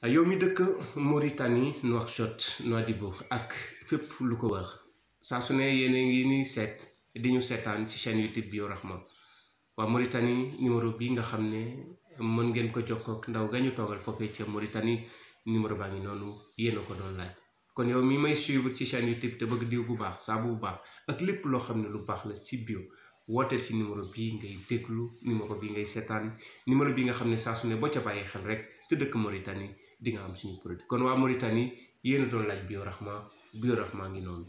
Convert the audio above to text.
Ah, yow mi dëkk Mauritanie di Nouadhibou ak fépp lu ko wër saa su ne yéen ngi ni seet di ñu seetaan ci chaîne YouTube Bio Rahma waa Mauritanie numéro bi nga xam ne mën ngeen ko jox jokkook ndaw ga ñu toogal foofee ca Mauritanie numéro baa ngi noonu yéen a ko doon laaj kon yow mi may suivre ci chaîne YouTube te bëgg diw bu baax saabu bu baax ak lépp loo xam ne lu baax la ci bio wooteel si numéro bii ngay déglu numéro bi ngay seetaan numéro bi nga xam ne saa su ne boo ca bàyyi rek te dëkk Mauritanie di nga am suñu produit kon waa Mauritanie bio a doon laaj rax maa ngi noonu.